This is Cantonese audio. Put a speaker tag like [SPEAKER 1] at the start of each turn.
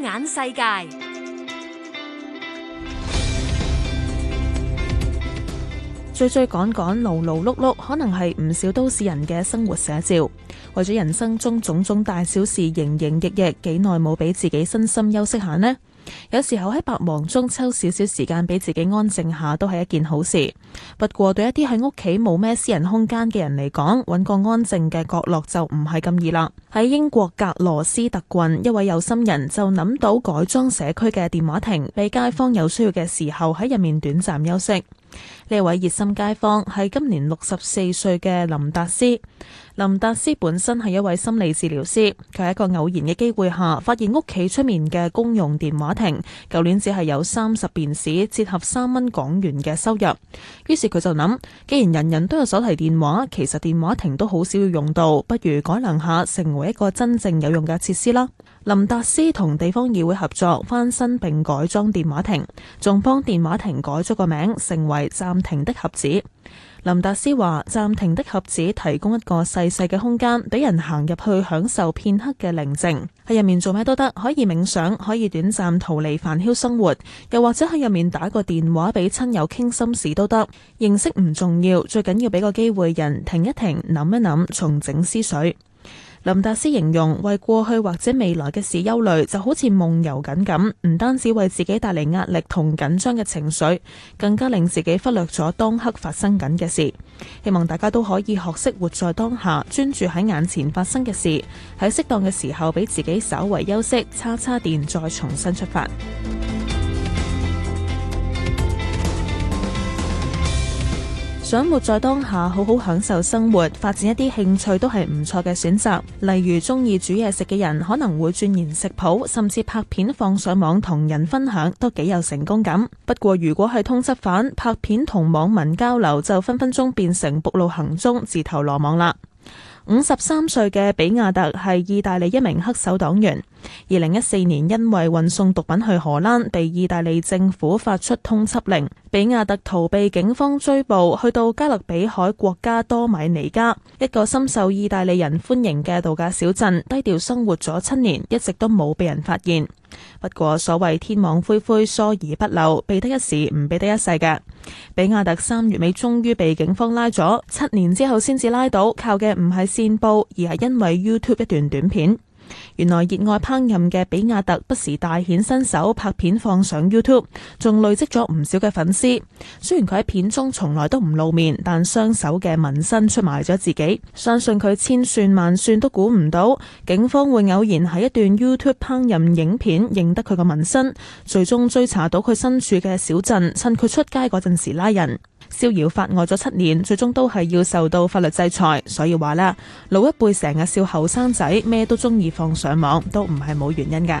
[SPEAKER 1] 眼世界追追趕趕勞勞碌碌，可能係唔少都市人嘅生活寫照。為咗人生中種種大小事，營營役役，幾耐冇俾自己身心休息下呢？有時候喺百忙中抽少少時間俾自己安靜下都係一件好事。不過對一啲喺屋企冇咩私人空間嘅人嚟講，搵個安靜嘅角落就唔係咁易啦。喺英國格羅斯特郡，一位有心人就諗到改裝社區嘅電話亭，俾街坊有需要嘅時候喺入面短暫休息。呢位熱心街坊係今年六十四歲嘅林達斯。林達斯本身係一位心理治療師，佢喺一個偶然嘅機會下，發現屋企出面嘅公用電話亭，舊年只係有三十便士，折合三蚊港元嘅收入。於是佢就諗，既然人人都有手提電話，其實電話亭都好少要用到，不如改良下，成為一個真正有用嘅設施啦。林達斯同地方議會合作，翻新並改裝電話亭，仲幫電話亭改咗個名，成為暫。停的盒子，林達斯話：暫停的盒子提供一個細細嘅空間，俾人行入去享受片刻嘅寧靜，喺入面做咩都得，可以冥想，可以短暫逃離煩囂生活，又或者喺入面打個電話俾親友傾心事都得。認識唔重要，最緊要俾個機會人停一停，諗一諗，重整思緒。林達斯形容，為過去或者未來嘅事憂慮，就好似夢遊緊咁，唔單止為自己帶嚟壓力同緊張嘅情緒，更加令自己忽略咗當刻發生緊嘅事。希望大家都可以學識活在當下，專注喺眼前發生嘅事，喺適當嘅時候俾自己稍為休息，叉叉電，再重新出發。想活在當下，好好享受生活，發展一啲興趣都係唔錯嘅選擇。例如鍾意煮嘢食嘅人，可能會鑽研食譜，甚至拍片放上網同人分享，都幾有成功感。不過如果係通緝犯，拍片同網民交流就分分鐘變成暴露行蹤，自投羅網啦。五十三歲嘅比亞特係意大利一名黑手黨員。二零一四年因為運送毒品去荷蘭，被意大利政府發出通緝令。比亞特逃避警方追捕，去到加勒比海國家多米尼加，一個深受意大利人歡迎嘅度假小鎮，低調生活咗七年，一直都冇被人發現。不過所謂天網恢恢疏而不漏，避得一時唔避得一世嘅。比亞特三月尾終於被警方拉咗，七年之後先至拉到，靠嘅唔係。線報，而係因為 YouTube 一段短片。原來熱愛烹飪嘅比亞特不時大顯身手，拍片放上 YouTube，仲累積咗唔少嘅粉絲。雖然佢喺片中從來都唔露面，但雙手嘅紋身出賣咗自己。相信佢千算萬算都估唔到，警方會偶然喺一段 YouTube 烹飪影片認得佢嘅紋身，最終追查到佢身處嘅小鎮，趁佢出街嗰陣時拉人。逍遙法外咗七年，最終都係要受到法律制裁，所以話啦，老一輩成日笑後生仔咩都鍾意放上網，都唔係冇原因㗎。